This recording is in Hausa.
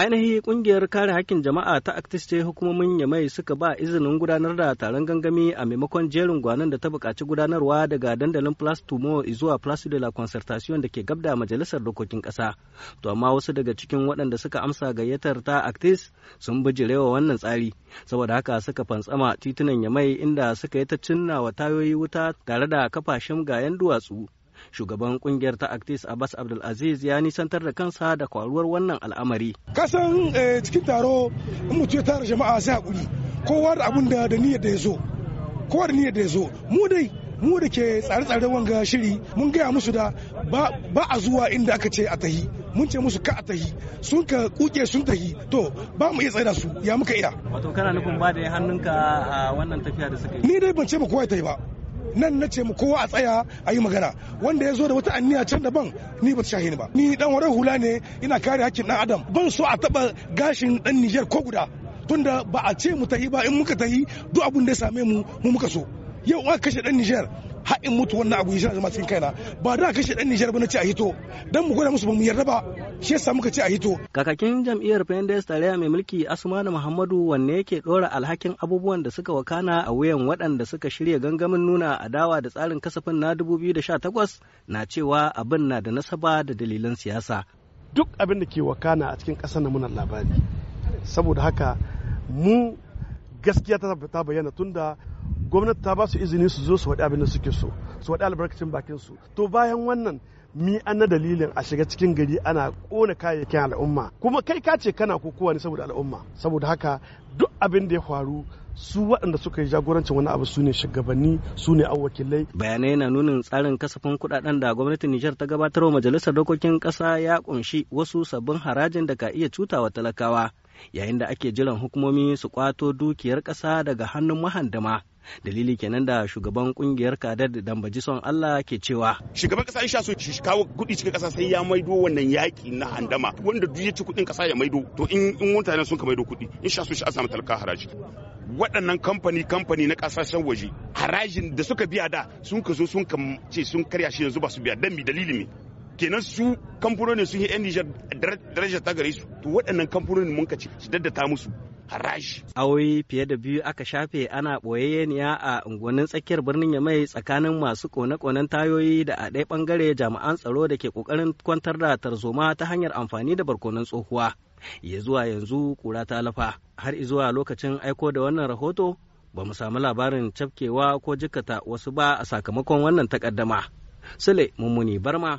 ainihi kungiyar kare hakkin jama'a ta actis ce hukumomin yamai suka ba izinin gudanar da taron gangami a maimakon jerin gwanon da ta buƙaci gudanarwa daga dandalin plus tumo zuwa plas de la concertation da ke gabda majalisar dokokin ƙasa to amma wasu daga cikin waɗanda suka amsa gayyatar ta actis sun bijirewa wannan tsari saboda haka suka fantsama titunan yamai inda suka yi ta cinna wa tayoyi wuta tare da kafa gayan duwatsu shugaban kungiyar ta actis abbas abdulaziz ya nisantar da kansa da kwaruwar wannan al'amari kasan eh, cikin taro in mu ya tara jama'a sai hakuri kowa da abun da niyyar da ya zo kowa da niyyar da ya zo mu dai mu da ke tsare-tsare wanga shiri mun gaya musu da ba a zuwa inda aka ce a tahi mun ce musu ka a tahi sun ka kuke sun tahi to ba mu iya tsaida su ya muka iya wato kana nufin ba da hannunka a wannan tafiya da suka yi ni dai ban ce ba kowa ya tahi ba nan na ce mu kowa a tsaya a yi magana wanda ya zo da wata anniya can daban ni ba ta shahi ni ba ni dan wurin hula ne ina kare hakkin dan adam ban so a taba gashin dan Niger ko guda tunda ba a ce mu tahi ba in muka tahi duk abun da ya same mu mu muka so yau aka kashe dan Niger Haɗin mutu wannan abu yana zama cikin kaina ba da kashe dan Nijar ba na ce a hito dan mu gwada musu ba mu yarda ba shi yasa muka ce a hito kakakin jam'iyyar Pendes tarayya mai mulki Asmanu Muhammadu wanne yake dora alhakin abubuwan da suka wakana a wuyan waɗanda suka shirya gangamin nuna adawa da tsarin kasafin na 2018 na cewa abin na da nasaba da dalilan siyasa duk abin da ke wakana a cikin ƙasar na munan labari saboda haka mu gaskiya ta bayyana tunda gwamnati ta ba su izini su zo su waɗi abin da suke so su waɗi albarkacin bakin su to bayan wannan mi an na dalilin a shiga cikin gari ana kona kayayyakin al'umma kuma kai ka ce kana kokowa ne saboda al'umma saboda haka duk abin da ya faru su waɗanda suka yi jagorancin wani abu su ne shugabanni su ne wakilai. bayanai na nunin tsarin kasafin kudaden da gwamnatin nijar ta gabatar wa majalisar dokokin kasa ya kunshi wasu sabbin harajin da ka iya cutawa talakawa yayin da ake jiran hukumomi su kwato dukiyar kasa daga hannun mahandama dalili kenan da shugaban kungiyar kadar da dambaji son Allah ke cewa shugaban kasa sha so shi kawo kudi cikin kasa sai ya maido wannan yaki na handama wanda duk ya ci kudin kasa ya maido to in in mutanen sun ka maido kudi in sha so shi a samu talaka haraji waɗannan kamfani kamfani na kasashen waje harajin da suka biya da sun ka zo sun ka ce sun karya shi yanzu ba su biya dan mi dalili ne kenan su kamfanonin sun yi yan nijar daraja ta gare su to waɗannan kamfanonin mun kace su daddata musu haraji awoyi fiye da biyu aka shafe ana ɓoyayyeniya a unguwannin tsakiyar birnin yamai tsakanin masu kone-konen tayoyi da a ɗaya ɓangare jami'an tsaro da ke ƙoƙarin kwantar da tarzoma ta hanyar amfani da barkonon tsohuwa ya zuwa yanzu kura ta lafa har zuwa lokacin aiko da wannan rahoto ba mu samu labarin cafkewa ko jikata wasu ba a sakamakon wannan takaddama. Sule Mummuni Barma,